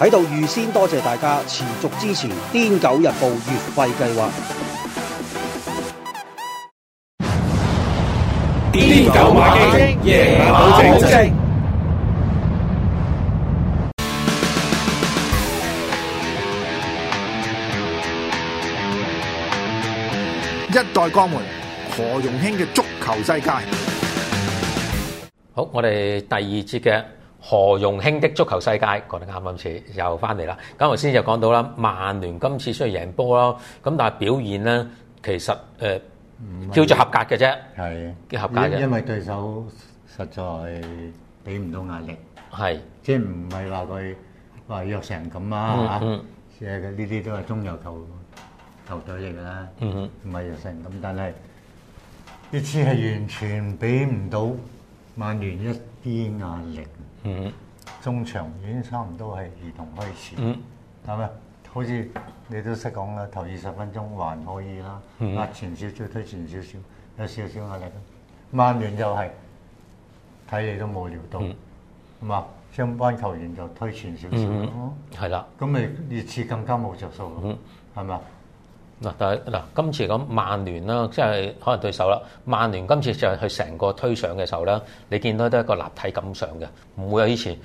喺度預先多謝大家持續支持《癲狗日報》月費計劃。癲狗馬基，夜馬好證。一代鋼門何容興嘅足球世界。好，我哋第二節嘅。何容興的足球世界講得啱啱次又翻嚟啦！咁頭先就講到啦，曼聯今次雖然贏波啦，咁但係表現咧其實誒叫做合格嘅啫，係叫合格嘅，因為對手實在俾唔到壓力，係即係唔係話佢話弱成咁啦嚇，即係呢啲都係中游球球隊嚟嘅啦，唔係弱成咁，但係呢次係完全俾唔到曼聯一。啲壓力，中場已經差唔多係兒童開始，係、嗯、咪？好似你都識講啦，頭二十分鐘還可以啦，壓前少少推前少少，有少少壓力。曼聯就係、是、睇你都冇料到，係、嗯、嘛？將班球員就推前少少，係、嗯、啦，咁咪熱刺更加冇著數，係咪啊？嗱，但係嗱，今次咁，曼聯啦，即係可能對手啦。曼聯今次就係佢成個推上嘅時候咧，你見到都一個立體感上嘅，唔會有以前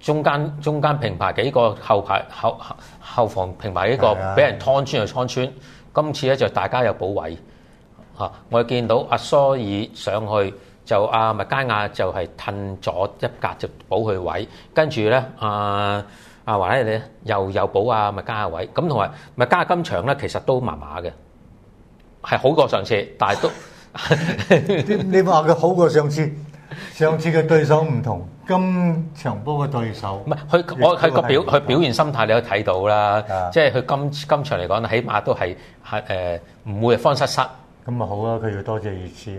中間中間平排幾個後排後後防平排一個俾人劏穿就劏穿。今次咧就大家有補位嚇、啊，我見到阿蘇爾上去就阿麥、啊、加亞就係褪咗一格就補佢位，跟住咧啊。啊，或者你又又補啊，咪加下位咁，同埋咪加金場咧，其實都麻麻嘅，係好過上次，但係都 你你話佢好過上次，上次嘅對手唔同，金場波嘅對手唔係佢，我佢個表佢表，表現心態你可以睇到啦，即係佢今今場嚟講，起碼都係係誒唔會慌失失。咁啊好啊，佢要多謝熱刺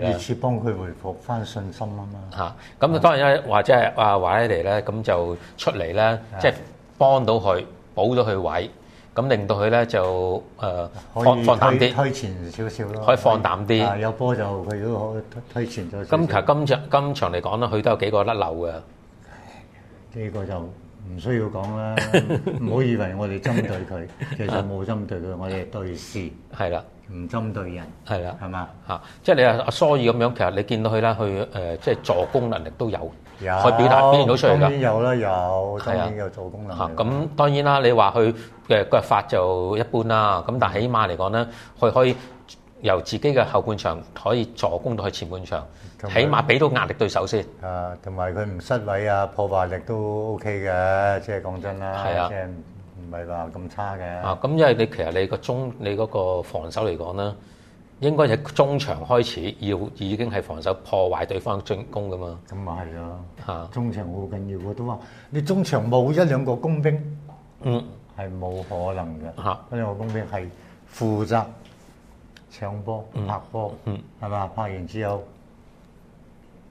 咧，熱刺幫佢回復翻信心啊嘛。嚇、啊，咁啊當然咧、嗯，或者係阿、啊、華仔嚟咧，咁就出嚟咧，即係、就是、幫到佢補咗佢位，咁令到佢咧就誒、呃、放放膽啲，推前少少咯，可以放膽啲、啊。有波就佢都可以推前咗。咁其實今場今場嚟講咧，佢都有幾個甩漏嘅，呢個就唔需要講啦。唔 好以為我哋針對佢， 其實冇針對佢， 我哋對事係啦。唔針對人，係啦，係嘛、啊？即係你阿阿蘇爾咁樣，其實你見到佢啦，佢、呃、即係助攻能力都有，有可以表達表現到出嚟㗎。當然有啦，有當然有助攻能力。咁、啊、當然啦，你話佢嘅腳法就一般啦。咁但係起碼嚟講咧，佢可以由自己嘅後半場可以助攻到去前半場，起碼俾到壓力對手先。啊，同埋佢唔失禮啊，破壞力都 OK 嘅。即係講真啦，係啊。唔係話咁差嘅啊！咁、啊、因為你其實你個中你嗰個防守嚟講咧，應該喺中場開始要已經係防守破壞對方進攻噶嘛。咁啊係啊，嚇！中場好緊要嘅都話，你中場冇一兩個工兵，嗯，係冇可能嘅嚇。一兩個工兵係負責搶波、拍波，嗯，係嘛？拍完之後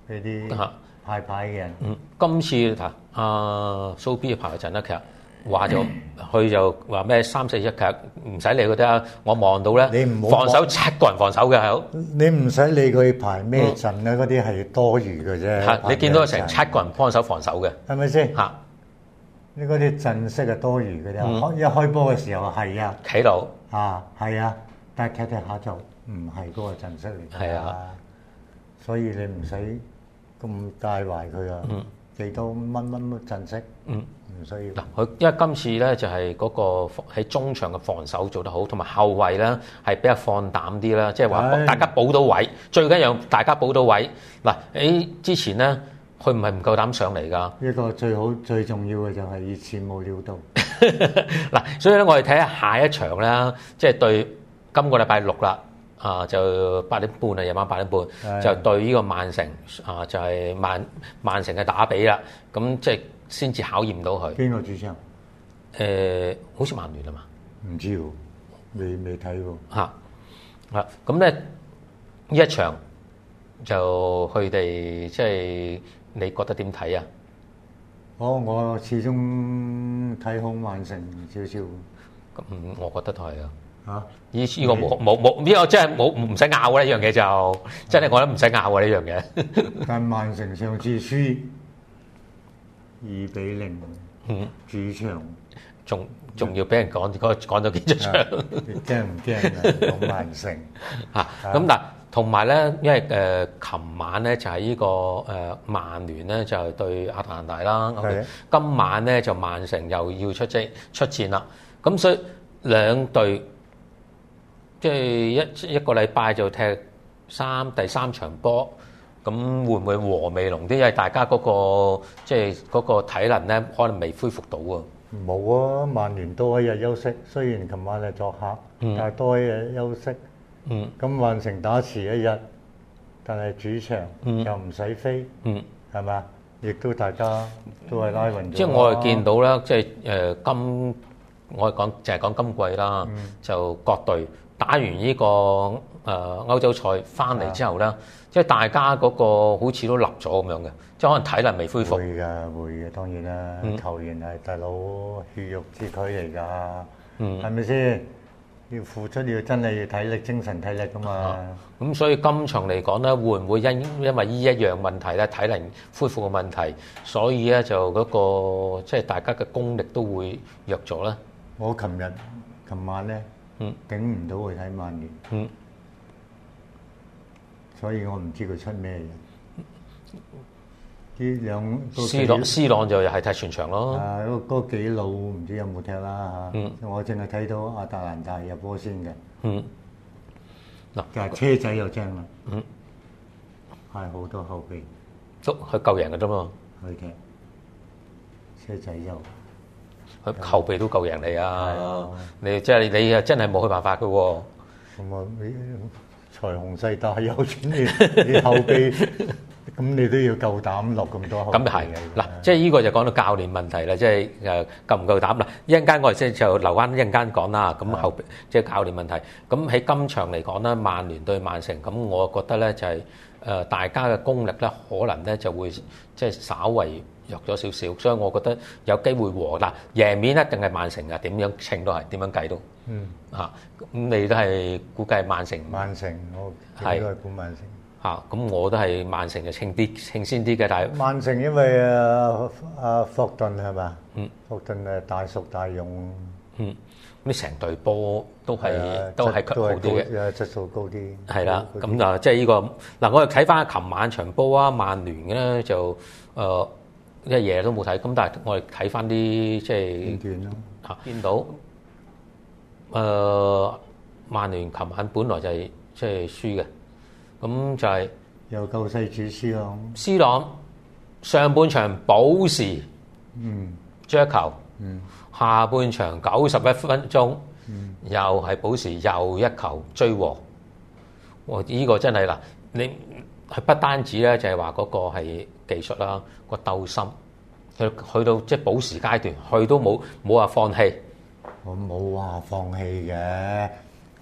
呢啲派牌嘅人。嗯，今次啊，阿蘇 B 嘅排陣咧，其實～話就佢就話咩三四一腳唔使理佢啲啊！我望到咧，你唔防守七個人防守嘅係好。你唔使理佢排咩陣啊！嗰啲係多餘嘅啫、嗯。你見到成七個人幫手防守嘅，係咪先？嚇、啊！你嗰啲陣式係多餘嘅啫、嗯。一開波嘅時候係、嗯、啊，企度，啊係啊，但係踢踢下就唔係嗰個陣式嚟。係啊，所以你唔使咁介懷佢啊。嗯嚟到蚊蚊都陣式，嗯，唔需要。嗱，佢因為今次咧就係嗰個喺中場嘅防守做得好，同埋後衞咧係比較放膽啲啦，即係話大家補到位，最緊要大家補到位。嗱，喺之前咧，佢唔係唔夠膽上嚟㗎。呢個最好最重要嘅就係以前冇料到。嗱，所以咧我哋睇下下一場啦，即係對今個禮拜六啦。啊，就八點半啊，夜晚八點半就對呢個曼城啊，就係、是、曼曼城嘅打比啦。咁即係先至考驗到佢邊個主場？誒、呃，好似曼聯啊嘛，唔知喎，未未睇喎。嚇！啊，咁咧呢一場就佢哋即係你覺得點睇啊？我、哦、我始終睇好曼城少少。咁我覺得都係啊。嚇、啊！依、這、依個冇冇冇，呢、這個真係冇，唔使拗啦！呢樣嘢就真係我覺得唔使拗嘅呢樣嘢。但曼城上次輸二比零，主場仲仲要俾人講講咗幾多場？驚唔驚啊？曼城嚇！咁但同埋咧，因為誒琴、呃、晚咧就係、是、呢、這個誒、呃、曼聯咧就是、對阿特蘭大啦。今晚咧就曼城又要出戰出戰啦。咁所以兩隊。即係一一個禮拜就踢三第三場波，咁會唔會和味濃啲？因為大家嗰個即係嗰個體能咧，可能未恢復到啊。冇啊！曼聯多一日休息，雖然琴晚係作客，但係多一日休息。咁曼城打遲一日，但係主場又唔使飛，係咪？亦都大家都係拉勻咗。即係我係見到啦，即係誒今我係講淨係講今季啦，就各隊。打完呢、這個誒、呃、歐洲賽翻嚟之後咧，即係大家嗰個好似都立咗咁樣嘅，即係可能體能未恢復會的。會㗎，會㗎，當然啦。嗯、球員係大佬血肉之軀嚟㗎，係咪先？要付出要真係要體力、精神體力㗎嘛的。咁所以今場嚟講咧，會唔會因因為呢一樣問題咧，體能恢復嘅問題，所以咧就嗰、那個即係大家嘅功力都會弱咗咧？我琴日、琴晚咧。不嗯，頂唔到佢喺曼聯，所以我唔知佢出咩嘢。呢兩 C 朗斯朗就又係踢全場咯。啊，嗰嗰幾佬唔知有冇踢啦、啊、嚇、嗯。我淨係睇到阿達蘭大入波先嘅。嗯，嗱，架車仔又正啦。嗯，係好多後備，足去救人嘅啫嘛。去踢，車仔又。佢後備都夠贏你啊！你即係你又真係冇佢辦法㗎喎。咁啊，你財雄勢大有錢啲後備，咁你都要夠膽落咁多。咁又係嗱，即係呢個就講到教練問題啦，即係誒夠唔夠膽啦？一陣間我哋先就留翻一陣間講啦。咁後即係教練問題。咁喺今場嚟講啦，曼聯對曼城，咁我覺得咧就係誒大家嘅功力咧，可能咧就會即係稍為。弱咗少少，所以我覺得有機會和嗱贏面一定係曼城啊。點樣稱都係，點樣計都嗯啊咁，你都係估計係曼城。曼城我係係估曼城。嚇咁、啊、我都係曼城就稱啲稱先啲嘅，但係曼城因為啊，誒、啊、霍頓係嘛？嗯，霍頓誒大熟大勇。嗯，咁你成隊波都係、啊、都係都係好啲嘅質素高啲。係啦，咁啊即係呢個嗱、啊，我哋睇翻琴晚場波啊，曼聯嘅咧就誒。呃一嘢都冇睇，咁但係我哋睇翻啲即係片段咯、啊。見到，誒、呃，曼聯琴晚本來就係即係輸嘅，咁就係、是、又救世主 C 朗。C 朗上半場補時，嗯，追一球嗯，嗯，下半場九十一分鐘，嗯嗯、又係補時又一球追和，我依、這個真係嗱，你係不單止咧，就係話嗰個係。技術啦，個鬥心，去去到即係補時階段，去都冇冇話放棄。我冇話放棄嘅，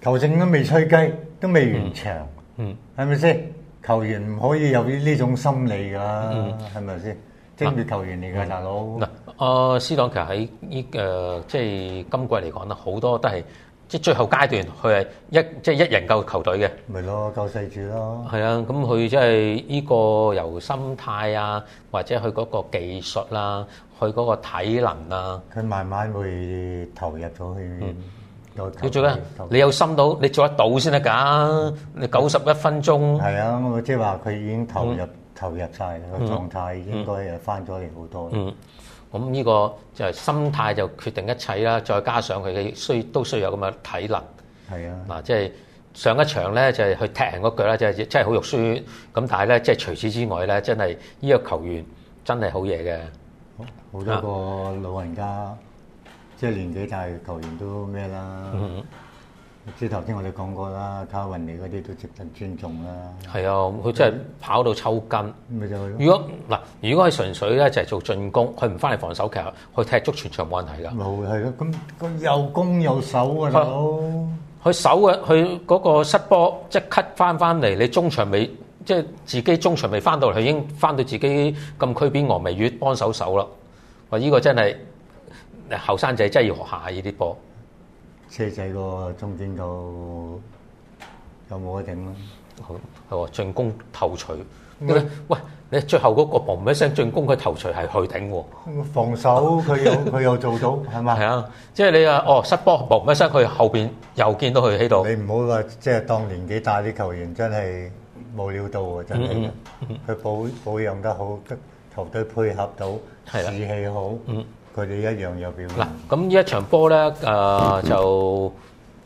球證都未吹雞，都未完場，嗯，係咪先？球員唔可以有呢種心理㗎，係咪先？專業球員嚟㗎、嗯，大佬。嗱、呃，啊，C 朗其實喺呢誒，即係今季嚟講啦，好多都係。即最後階段，佢係一即、即係、一人救球隊嘅。咪咯，救細住咯。係啊，咁佢即係呢個由心態啊，或者佢嗰個技術啦、啊，佢嗰個體能啊、嗯。佢慢慢會投入咗去。佢最緊，你有心到，你做得到先得㗎。你九十一分鐘。係啊，即係話佢已經投入投入晒。個狀態，應該又翻咗嚟好多。咁、這、呢個就係心態就決定一切啦，再加上佢嘅需都需要有咁嘅體能。係啊，嗱，即係上一場咧就係、是、去踢人個腳啦，即係真係好肉酸。咁但係咧，即係除此之外咧，真係呢個球員真係好嘢嘅。好多個老人家、啊、即係年紀大嘅球員都咩啦。嗯嗯。知頭先我哋講過啦，卡雲尼嗰啲都值得尊重啦。係啊，佢真係跑到抽筋。咪就如果嗱，如果佢純粹咧就係做進攻，佢唔翻嚟防守，其實佢踢足全場冇問題㗎。冇係啊，咁佢又攻又守啊，大佬。佢守啊，佢嗰個失波即係 cut 翻翻嚟，你中場未即係自己中場未翻到嚟，佢已經翻到自己禁區邊俄眉月幫手守啦。喂，呢個真係後生仔真係要學下呢啲波。車仔個中堅度有冇得頂咯、啊？好係喎，進攻頭鎚，喂，你最後嗰個嘣一聲，進攻佢頭鎚係去頂喎、啊。防守佢又佢又做到係咪？係 啊，即係你啊哦失波嘣一聲，佢後邊又見到佢喺度。你唔好話，即係當年紀大啲球員真係冇料到喎，真係。佢、嗯嗯嗯、保保養得好，球隊配合到、啊、士氣好。嗯嗯佢哋一樣有表現。嗱，咁呢一場波咧，誒、呃、就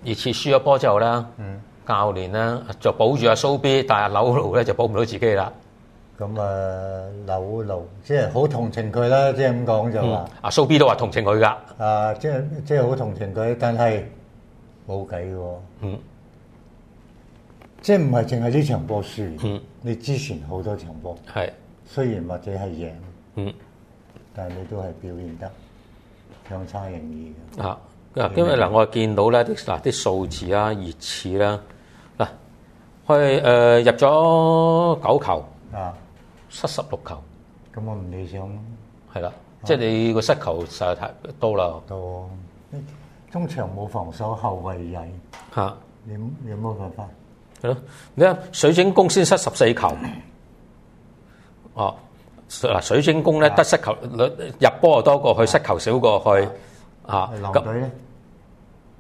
熱刺輸咗波之後咧、嗯，教練咧就保住阿、啊、蘇 B，但阿、啊、紐奴咧就保唔到自己啦。咁、嗯嗯、啊，紐奴即係好同情佢啦，即係咁講就話。阿、嗯、蘇、啊、B 都話同情佢噶。啊，即係即係好同情佢，但係冇計嘅喎。嗯。即係唔係淨係呢場波輸？嗯。你之前好多場波。係。雖然或者係贏。嗯。但你都係表現得相差人意嘅。啊，嗱，因為嗱，我見到咧啲嗱啲數字啊，熱刺啦，嗱，佢誒入咗九球啊，失十六球。咁我唔理想。係啦、啊，即係你個失球實在太多啦。多、啊啊，中場冇防守，後衞人。嚇、啊！你有冇辦法？係咯，你睇水晶宮先失十四球。哦、嗯。啊嗱，水晶宮咧得失球入波就多過，去，失球少過去。啊，狼隊咧？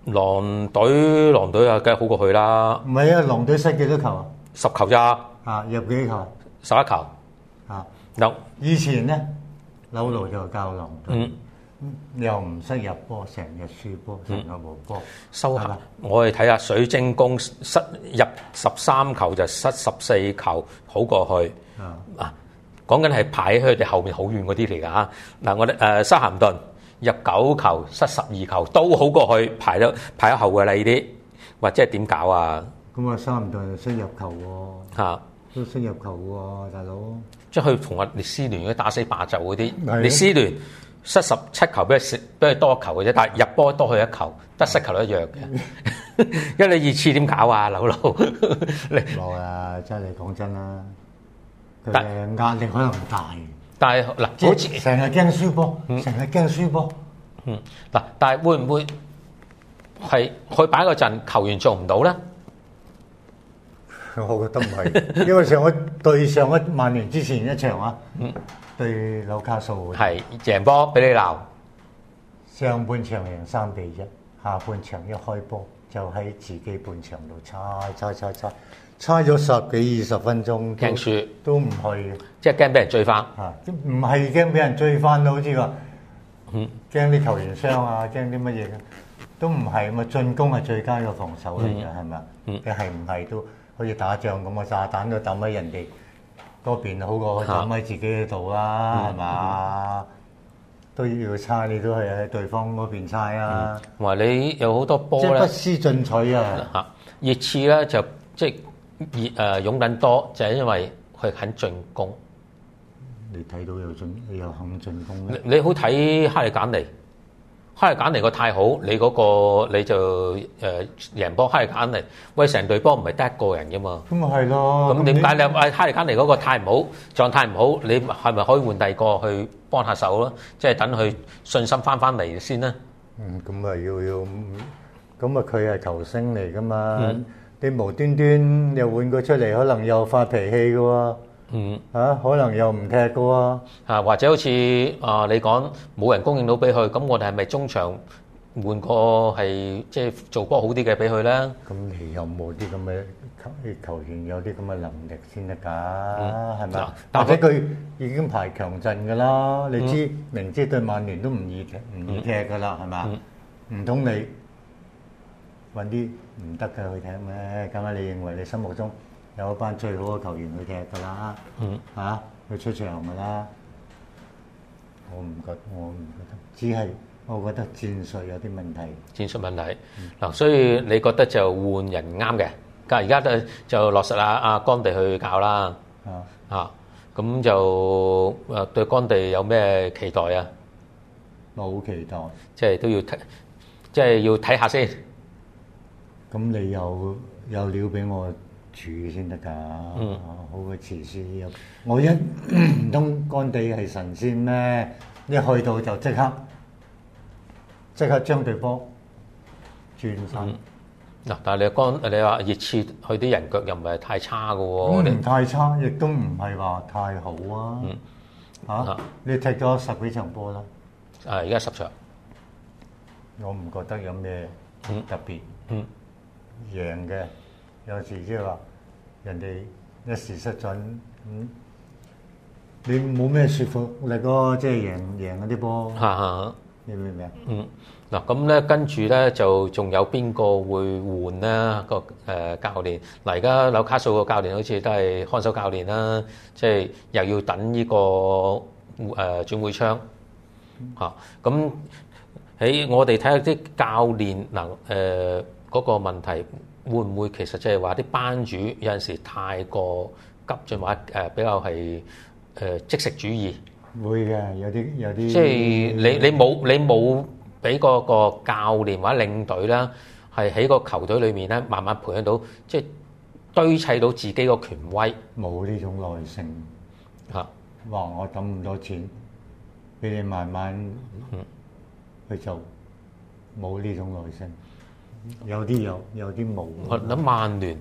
狼隊狼隊啊，梗係好過去啦。唔係啊，狼隊失幾多球啊？十球咋？啊，入幾球？十一球。啊，有。以前咧，紐奴就教狼隊，嗯、又唔識入波，成日輸波，成日冇波。收、嗯、下，我哋睇下水晶宮失入十三球就失十四球，好過佢。啊。啊講緊係排喺佢哋後面好遠嗰啲嚟㗎嚇嗱，我哋誒沙咸頓入九球失十二球都好過去，排到排喺後嘅啦呢啲，或者係點搞啊？咁啊，沙咸頓又識入球喎，嚇都識入球喎，大佬。即係佢同阿列斯聯打死霸就嗰啲，列斯聯失十七球俾佢俾佢多球嘅啫。但係入波多佢一球，得失球一樣嘅。因為 你二次點搞啊，老老？冇啊，真係你講真啦～誒壓力可能大，但係嗱，好似成日驚輸波，成日驚輸波。嗯，嗱、嗯，但係會唔會係佢擺個陣，球員做唔到咧？我覺得唔係， 因為上一對上一萬年之前一場啊、嗯，對紐卡素，係鄭波俾你鬧，上半場贏三比一，下半場一開波就喺自己半場度叉叉叉叉。猜咗十幾二十分鐘，驚輸都唔去，即係驚俾人追翻嚇，唔係驚俾人追翻咯，好似話，驚啲球員傷啊，驚啲乜嘢嘅，都唔係，咪進攻係最佳嘅防守嚟嘅，係咪啊？你係唔係都好似打仗咁啊？炸彈都抌喺人哋嗰邊好過抌喺自己嗰度啦，係嘛？都要猜，你都係喺對方嗰邊猜啊！話你有好多波咧，不思進取啊！熱刺咧就即係。熱誒勇猛多，就係因為佢肯進攻。你睇到有進，你又肯進攻咧？你好睇哈利·簡尼，哈利·簡尼個太好，你嗰個你就誒贏波哈利·簡尼。喂，成隊波唔係得一個人嘅嘛？咁咪係咯。咁點解你誒哈利·簡尼嗰個太唔好，狀態唔好？你係咪可以換第二個去幫下手咯？即係等佢信心翻翻嚟先啦。嗯，咁咪要要，咁啊佢係球星嚟噶嘛？你無端端又換佢出嚟，可能又發脾氣㗎喎。嗯、啊。嚇，可能又唔踢㗎喎、啊。或者好似啊，你講冇人供應到俾佢，咁我哋係咪中場換個係即係做波好啲嘅俾佢咧？咁你有冇啲咁嘅啲球員有啲咁嘅能力先得㗎？係咪？但係佢已經排強陣㗎啦。你知、嗯、明知對曼聯都唔易踢唔易踢㗎啦，係咪，唔通你揾啲？唔得㗎去踢咩？咁啊，你認為你心目中有一班最好嘅球員去踢㗎啦？嗯、啊。嚇，去出場㗎啦。我唔覺得，我唔覺得，只係我覺得戰術有啲問題。戰術問題。嗱、嗯，所以你覺得就換人啱嘅。咁而家就就落實阿阿江地去搞啦。啊，啊。咁就誒對江地有咩期待啊？冇期待。期待即係都要睇，即係要睇下先。咁你有有料俾我煮先得㗎，好嘅廚師。我一唔通乾地係神仙咩？一去到就即刻即刻將對方轉身。嗱、嗯，但你講你話熱刺，佢啲人腳又唔係太差㗎喎。唔、嗯、太差，亦都唔係話太好啊。你踢咗十幾場波啦。啊！而家十,十場我唔覺得有咩特別。嗯嗯贏嘅，有時即係話人哋一時失準，咁、嗯、你冇咩説服力咯，即、就、係、是、贏贏嗰啲波。嚇嚇，你明唔明啊？嗯，嗱咁咧，跟住咧就仲有邊個會換咧、那個誒、呃、教練？嗱，而家紐卡素個教練好似都係看守教練啦，即、就、係、是、又要等呢、這個誒、呃、轉會窗嚇。咁、啊、喺、欸、我哋睇下啲教練能。誒、呃。呃嗰個問題會唔會其實就係話啲班主有陣時太過急進或誒比較係誒即食主義？會嘅，有啲有啲。即係你你冇你冇俾嗰個教練或者領隊啦，係喺個球隊裏面咧，慢慢培養到即係堆砌到自己個權威。冇呢種耐性嚇！哇！我抌咁多錢俾你慢慢去做，冇呢種耐性。有啲有，有啲冇、嗯。我諗曼聯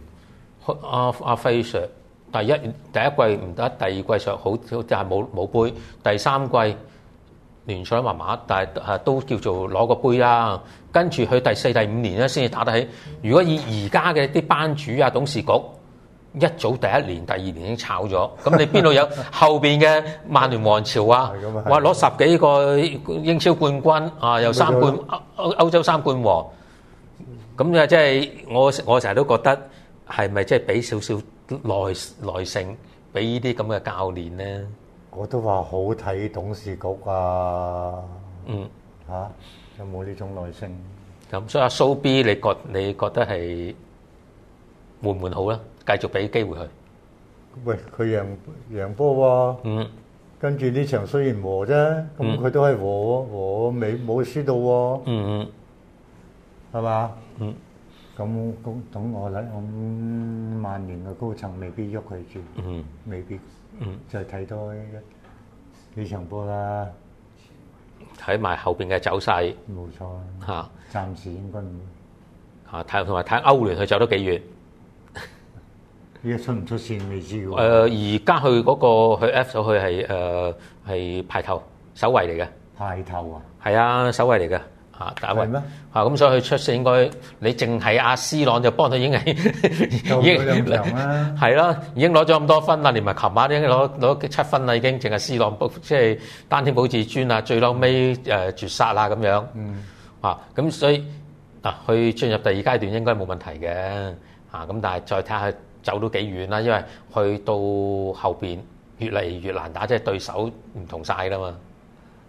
阿阿費 Sir 第一第一季唔得，第二季上好似就係冇冇杯。第三季聯賽麻麻，但係都叫做攞個杯啦、啊。跟住去第四、第五年咧，先至打得起。如果以而家嘅啲班主啊、董事局一早第一年、第二年已經炒咗，咁你邊度有後邊嘅曼聯王朝啊？話攞十幾個英超冠軍啊，又三冠歐歐洲三冠王。咁啊，即係我我成日都覺得係咪即係俾少少耐耐性俾呢啲咁嘅教練咧？我都話好睇董事局啊，嗯嚇，有冇呢種耐性？咁所以阿蘇 B，你覺你覺得係會唔會好咧？繼續俾機會佢。喂，佢贏贏波喎，嗯，跟住呢場雖然和啫，咁佢都係和喎，和未冇輸到喎，嗯嗯，係嘛？嗯，咁咁我諗，咁曼聯嘅高層未必喐佢住，未必，嗯，就睇多一幾場波啦，睇埋後邊嘅走勢，冇錯，嚇，暫時應該唔嚇，睇同埋睇歐聯，佢走多幾遠，依家出唔出線未知喎。誒，而家佢嗰個佢 F 咗去係誒係排頭首位嚟嘅，排頭啊，係啊，首位嚟嘅。嚇打混嚇，咁、嗯、所以佢出線應該你淨係阿斯朗就幫佢已經係已經係，係咯、啊，已經攞咗咁多分啦，連埋琴晚已經攞攞七分啦，已經淨係斯朗保即係單天保自尊啊，最嬲尾誒、呃、絕殺啊咁樣。嗯。嚇、嗯、咁所以啊，佢進入第二階段應該冇問題嘅嚇，咁但係再睇下走到幾遠啦，因為去到後邊越嚟越難打，即係對手唔同晒啦嘛。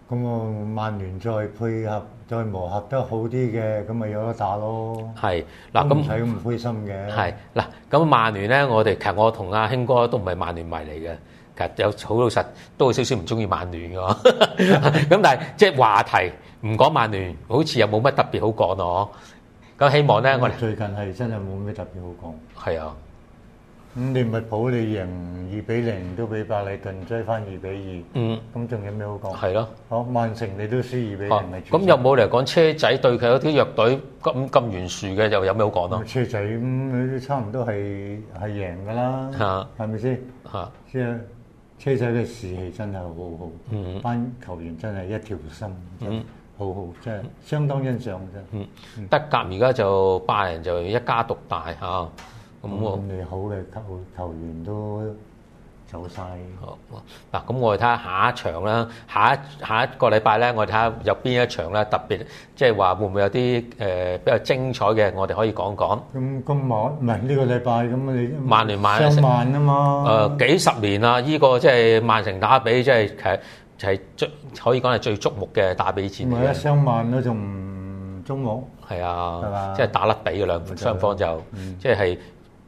咁啊，曼聯再配合、再磨合得好啲嘅，咁咪有得打咯。係，嗱，咁唔使咁唔灰心嘅。係，嗱，咁曼聯咧，我哋其實我同阿興哥都唔係曼聯迷嚟嘅，其實有好老實都有少少唔中意曼聯嘅。咁 但係即係話題，唔講曼聯，好似又冇乜特別好講咯。咁希望咧，我哋最近係真係冇咩特別好講。係啊。咁你咪普你贏二比零都俾百里頓追翻二比二。嗯，咁仲有咩好講？係咯，好、哦、曼城你都輸二比零，啊，咪咁、啊、有冇嚟講車仔對佢嗰啲弱隊咁咁懸殊嘅，又有咩好講咯？車仔咁、嗯、都差唔多係係贏噶啦，係咪先？嚇，即、啊、係車仔嘅士氣真係好好，嗯，班球員真係一條心，好、嗯、好，真係相當欣賞嘅。嗯，德、嗯、甲而家就拜仁就一家獨大嚇。啊咁、嗯、你好嘅球球員都走晒。嗱，咁我哋睇下下一場啦，下一下一個禮拜咧，我哋睇下有邊一場咧特別，即係話會唔會有啲誒比較精彩嘅，我哋可以講講。咁、嗯、今晚，唔係呢個禮拜咁你？曼聯曼雙曼啊嘛。誒、呃、幾十年啦，呢、呢個即係曼城打比、就是，即係其實係最可以講係最矚目嘅打比戰嚟嘅。一、嗯、雙曼都仲矚目？係啊。係嘛？即係打甩比嘅兩方，方就、嗯、即係。